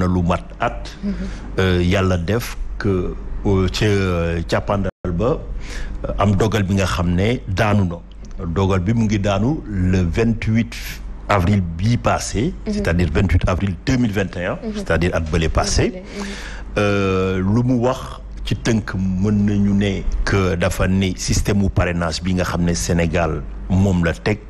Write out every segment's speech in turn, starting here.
na lu mat at euh, yalla def que euh, au càppandal ba euh, am dogal bi nga xamné daanu dogal bi mu ngi le 28 avril bi passé mhm. c'est-à-dire 28 avril 2021 mhm. c'est-à-dire at bële passé mhm. lu mu wax ci teunk meun nañu que dafa système ou parrainage bi nga Sénégal mom la teg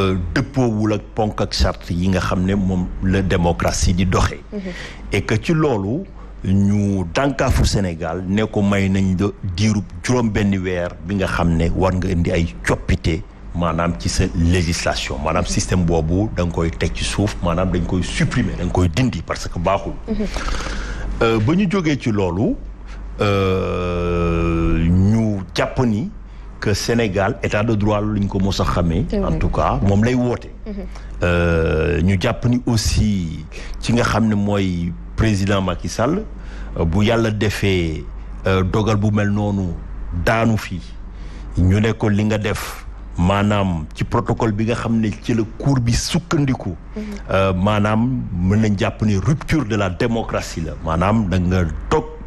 Euh, dëppoowul ak ponk ak charte yi nga xam ne moom la démocratie di doxe mhm. et ci loolu ñu dànkaafu Sénégal ne ko may nañ la diirub juróom benn weer bi nga xam ne war nga indi ay coppite maanaam ci sa législation maanaam mhm. système boobu danga koy teg ci suuf maanaam dañ koy supprimer da nga koy dindi parce que baaxul. Mhm. Euh, ba ñu jógee ci loolu euh, ñu jàpp ni. que Sénégal état de droit lu ñu ko mos a xamee. en tout cas moom lay woote. Mhm. Euh, ñu jàpp ni aussi ci nga xam ne mooy président Macky Sall euh, bu yàlla defee euh, dogal bu mel noonu daanu fii ñu ne li nga def. maanaam ci protocole bi nga xam ne ci la cour bi sukkandiku. Mhm. maanaam mën nañ jàpp ne rupture de la démocratie la maanaam da nga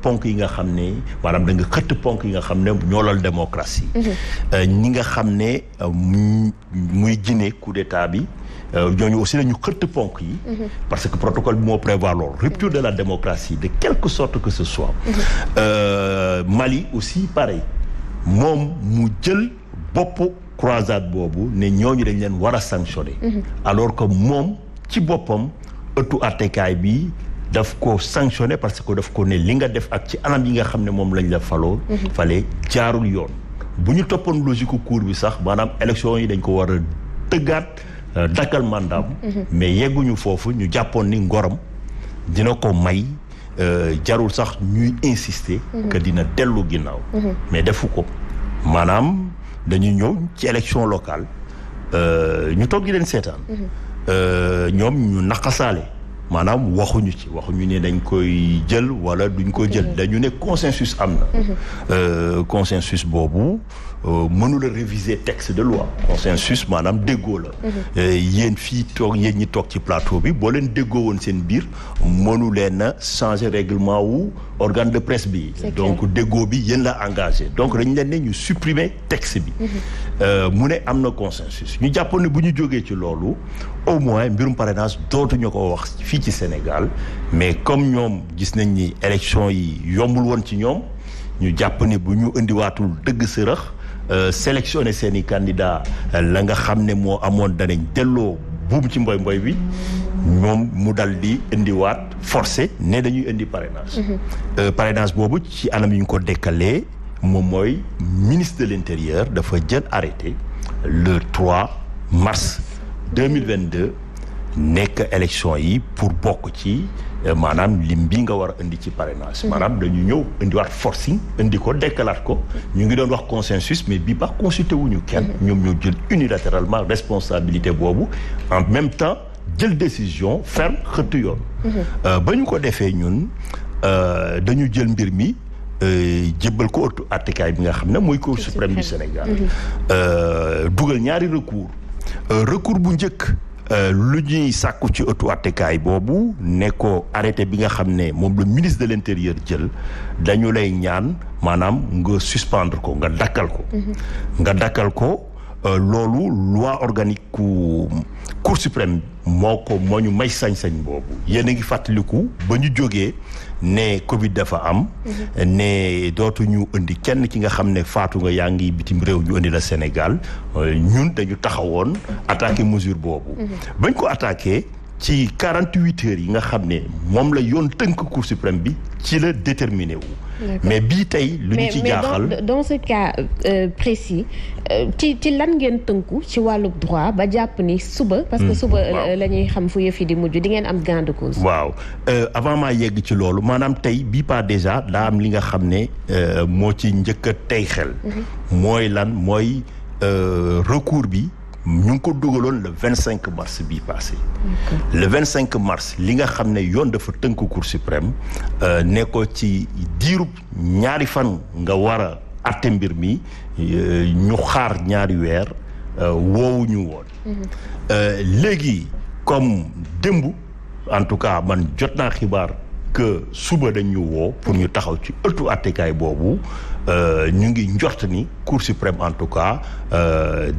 ponk yi nga xam ne maanaam da nga xëtt ponk yi nga xam ne ñoolal démocratie mhm. euh, ñi nga xam ne euh, muy Guinée coup d'état bi euh, ñooñu aussi dañu xëtt ponk yi mhm. parce que protocole bi moo prévoir loolu mhm. rupture de la démocratie de quelque sorte que ce soit Mali aussi pareil moom mu jël bopp croisade boobu ne ñooñu dañ leen war a sanctionner alors que moom ci boppam ëttu attekaay bi daf ko sanctionné parce que daf ko ne li nga def ak ci anam yi nga xam ne moom lañ la faloo mhm. fale jaarul yoon bu ñu toppoon logique cour bi sax maanaam élection yi dañ ko war a tëggaat euh, dakkal mandaam mhm. mhm. mais yegguñu foofu ñu jàppoon ni ngoram dina ko may euh, jarul sax ñuy insister que dina dellu ginnaaw mais defu ko maanaam dañu ñëw ci élection locale euh, ñu toog gi leen seetaan ñoom ñu naqasaale manam waxuñu ci waxuñu ne dañ koy jël wala duñ ko jël mhm. dañu consensus amna mhm. euh consensus euh, réviser texte de loi consensus madame, de la mhm. euh, yeen fi tok yeen ñi tok ci plateau bi bo changer règlement ou organe de presse donc dégo bi la engagé donc dañu leen supprimé ñu texte bi mhm. euh, mu consensus ñu jàppoon ne bu ñu ci loolu au moins mbirum parrainage dootu ñoko wax fi ci Sénégal mais comme gis nañ ni élection yi yombul won ci ñom ñu nous euh, euh, la nga buum ci mboy mboy bi mom mu daldi indi wat forcé ne dañuy indi parrainage mhm. euh, parrainage bobu ci anam yu ko décalé, mom moy ministre de l'intérieur dafa jël arrêté le 3 mars 2022 nek élection yi pour bokk ci euh, manam lim bi nga war andi ci parrainage manam mhm. dañu andi indiwaat forcing indi ko dekkalaat ko ñu ngi doon wax consensus mais bi ba consulté wuñu kenn mhm. ñom ñoo jël unilatéralement responsabilité bobu en même temps jël décision ferme xëttu yoon mhm. euh, ba ko défé ñun euh, dañu jël mbir mi jébbal ko ëttu attekaay bi nga xam moy cour suprême du Sénégal dugal ñaari recours recours bu ñëk Euh, lu ñuy sàkku ci ëttu attekaay boobu ne ko arrêté bi nga xam ne moom la ministre de l' jël dañu lay ñaan maanaam nga suspendre ko nga dakkal ko mm-hmm. nga dakkal ko euh, loolu loi organique ku cour suprême moo ko moo ñu may sañ-sañ boobu yéen a ngi fàttaliku ba ñu jógee ne Covid dafa am. Mhm. ne dootuñu indi kenn ki nga xam ne faatu nga yaa ngi bitim réew ñu indi la Sénégal ñun dañu taxawoon attaqué mesure boobu. Mhm. bañ ko attaqué. ci 48 heures yi nga xam ne moom la yoon tënk Cour suprême bi ci la déterminé wu mais bii tey lu ñu ci jaaxal dans ce cas euh, précis euh, ci ci lan ngeen tënku ci wàllu droit ba jàpp ni suba parce que hmm. suba euh, lañuy xam fu yëf yi di mujj di ngeen am gain cause waaw euh, avant maa yegg ci loolu maanaam tey bii pas déjà daa am li nga xam ne moo ci njëkk tey xel hmm. mooy lan mooy recours bi ñu ngi ko dugaloon le vingt cinq mars bii passé le vingt cinq mars li nga xam ne yoon dafa tënk cour suprême euh, ne ko ci diirub ñaari fan nga war a atte mbir mi euh, ñu xaar ñaari weer euh, woowu ñu woon mhm. léegi comme démb en tout cas man jot naa xibaar que suba dañu woo pour ñu taxaw ci ëttu attekaay boobu ñu ngi njort ni cour suprême en tout cas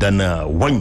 dana wañ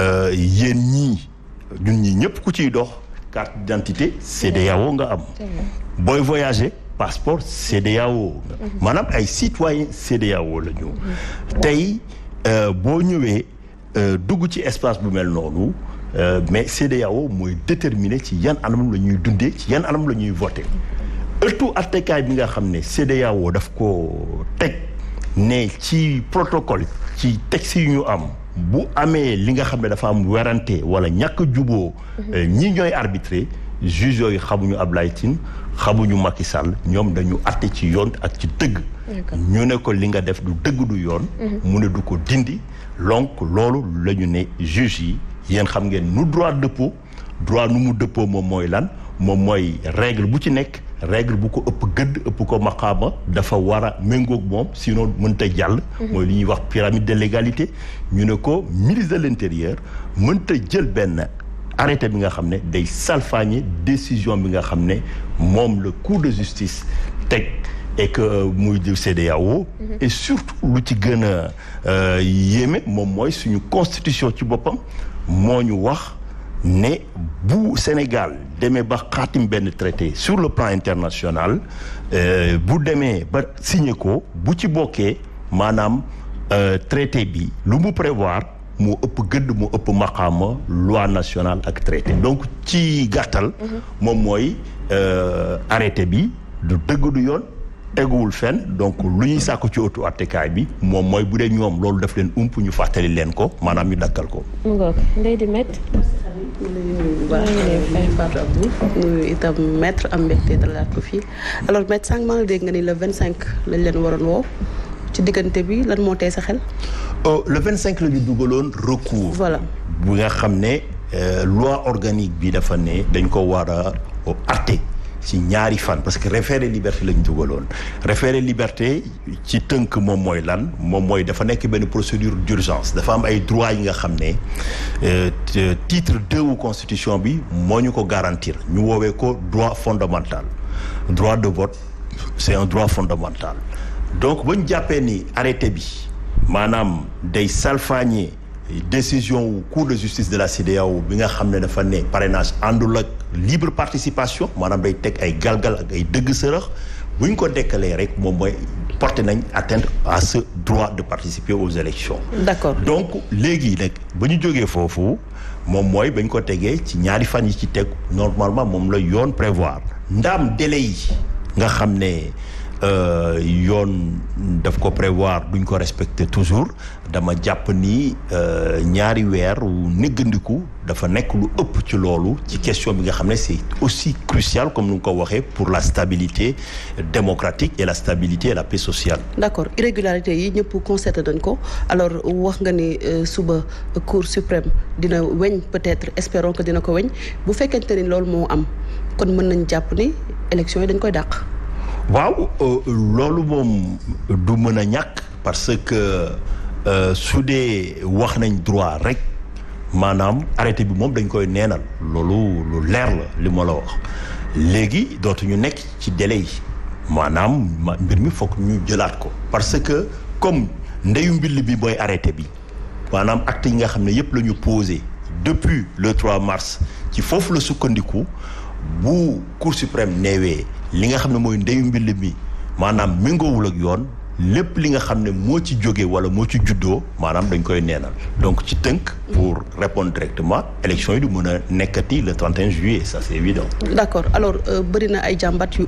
Euh, yéen ñii ñun ñii ñëpp ku ciy dox carte d'identité CDAO nga am booy voyager passeport CDAO nga mhm. maanaam ay citoyen CDAO la ñu mhm. tey euh, boo ñëwee euh, dugg ci espace bu mel noonu mais CDAO mooy déterminer ci yan anam la ñuy dundee ci yan anam la ñuy voter ëttu attekaay bi nga xam ne CEDEAO daf ko teg ne ci protocole ci texte yu ñu am bu amee li nga xam ne dafa am werante wala ñàkk juboo mhm. eh, ñi ñooy arbitré juge yooyu xamuñu Ablaye Tine xamuñu Macky Sall ñoom dañu àtte ci yoon ak ci dëgg ñu ne ko li nga def du dëgg du yoon mhm. mu ne du ko dindi donc loolu lañu ne juge yi yéen xam ngeen nu droit dëppoo droit nu mu dëppoo moom mooy lan moom mooy règle bu ci nekk règle bu ko ëpp gëdd ëpp ko maqaama dafa war a méngoog moom sinon mënta jàll mhm. mooy li ñuy wax pyramide de l'égalité ñu ne ko ministre de l'intérieur mënta jël benn arrêté bi nga xam ne day salfaañe décision bi nga xam ne moom cour de justice teg et que euh, muy di CDAO. Mhm. et surtout lu ci gën a euh, yéeme moom mooy suñu constitution ci boppam moo ñu wax né Senegal Sénégal demee ba traité sur le plan international euh, bou démé ba signé ko bu ci euh, traité bi lu prévoir mo upp gëdd mo loi nationale ak traité donc ci mom euh, arrêté bi du deug du donc lu ñuy sakku ci auto bi mom moy bu dé ñom loolu daf leen ñu itam maître am mbégte dalalaat ko fii alors maître sànq maa dégg nga ni la vingt cinq lañ leen waroon woo ci diggante bi lan moo tee sa xel oh, le vingt cinq la ñu dugaloon recours voilà bu nga xam ne euh, loi organique bi dafa ne dañ ko war a arté ci ñaari fan parce que référé liberté lañ dugaloon référé liberté ci tënk moom mooy lan moom mooy dafa procédure d'urgence dafa am ay droits yi nga euh, titre deux constitution bi ko garantir ñu woowee droit fondamental droit de vote c'est un droit fondamental donc ba ni arrêté bi décision wu cour de justice de la CDAO, bi nga xam ne dafa ne parrainage de libre participation Madame day est ay galgal ak ay dëgg sërëx bu ñu ko dekkalee rek atteinte à ce droit de participer aux élections d'accord donc les nag ba ñu jógee foofu moom mooy ba ñu ko tegee ci ñaari fan yi ci normalement mon la yoon prévoir dame délai yi nga euh, yoon daf ko prévoir duñ ko respecter toujours dama japp ni euh, ñaari weer wu néggandiku dafa nekk lu ëpp ci loolu ci question bi nga xam ne c'est aussi crucial comme nu ko waxee pour la stabilité démocratique et la stabilité et la paix sociale. d'accord irrégularité yi ñëpp concerté dañ ko alors wax nga ni euh, suba cour suprême dina weñ peut-être espérons que dina ko weñ bu fekkente ni loolu moo am kon mën nañ jàpp ni élection yi dañ koy dàq waaw euh, lolou mom du meuna ñak parce que euh soudé wax nañ droit rek manam arrêté bi mom dañ koy nénal lolou lu leer la li ma la wax léegi ñu nek ci délai manam mbir mi fokk ñu jëlat ko parce que comme ndeyu mbill bi boy arrêté bi manam acte yi nga xamné yépp lañu poser depuis le 3 mars ci fofu le sukkandiku bu cour suprême neewee li nga xam ne mooy ndeyu mbill mi maanaam méngoowul ak yoon lépp li nga xam ne moo ci jóge wala moo ci juddoo maanaam dañ koy neenal donc ci tënk pour répondre directement l'élection est du Mouna le 31 juillet ça c'est évident. d'accord alors euh, Brina na ay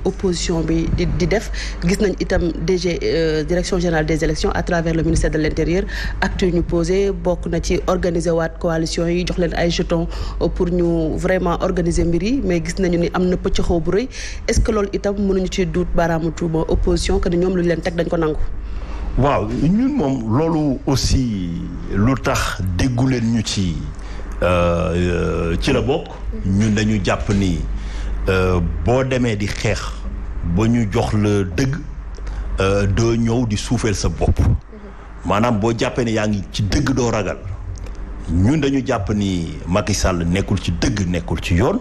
opposition bi di def gis itam DG euh, direction générale des élections à travers le ministère de l'intérieur acte ñu posé bokk na ci organiser waat coalition jetons euh, pour nous vraiment organiser Miri, mais gis nañu a am na pëccëxoo bu est-ce que l'état itam mënuñu ci doute opposition que nous avons lu leen de dañ waaw ñun moom loolu aussi lu tax déggu leen ñu ci euh, euh, ci la bokk. ñun dañu jàpp ni euh, boo demee di xeex ba ñu jox la dëgg doo ñëw di suufeel sa bopp maanaam boo jàppee ne yaa ngi ci dëgg doo ragal ñun dañu jàpp ni Macky Sall nekkul ci dëgg nekkul ci yoon.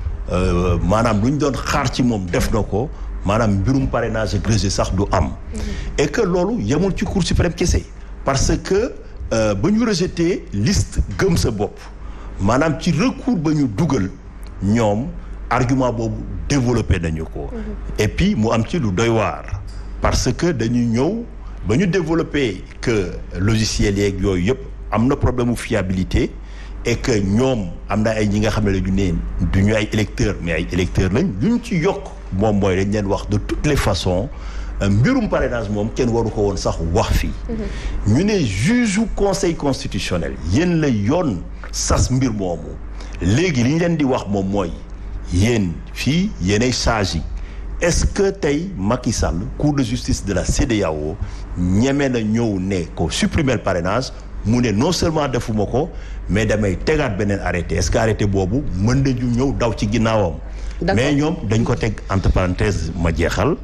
Euh, manam luñ doon xaar ci moom def na ko maanaam mbirum parrainage ak sax du am. Mhm. et que loolu yamul ci cour suprême kese. parce que euh, ba ñu rejeté liste gëm sa bopp manam ci recours ba ñu dugal ñoom argument boobu développé nañu ko. Mhm. et puis mu am ci lu doy waar. parce que dañu ñëw ba ñu développé que logiciel yeeg yooyu yëpp am na problème mu fiabilité et que nous, am ay nga électeurs mais de toutes les façons euh, mbirum parrainage mom kenn waru ko won sax wax fi mhm. ñu juge ou conseil constitutionnel Nous la mbir leen di wax est-ce que tay Macky cour de justice de la CEDEAO ñemé na supprimer le parrainage mu ne non seulement defuma ko mais damay tegaat beneen arrêté est-ce boobu mën nañu ñëw daw ci ginnaawam mais ñoom dañ ko teg entre ma jeexal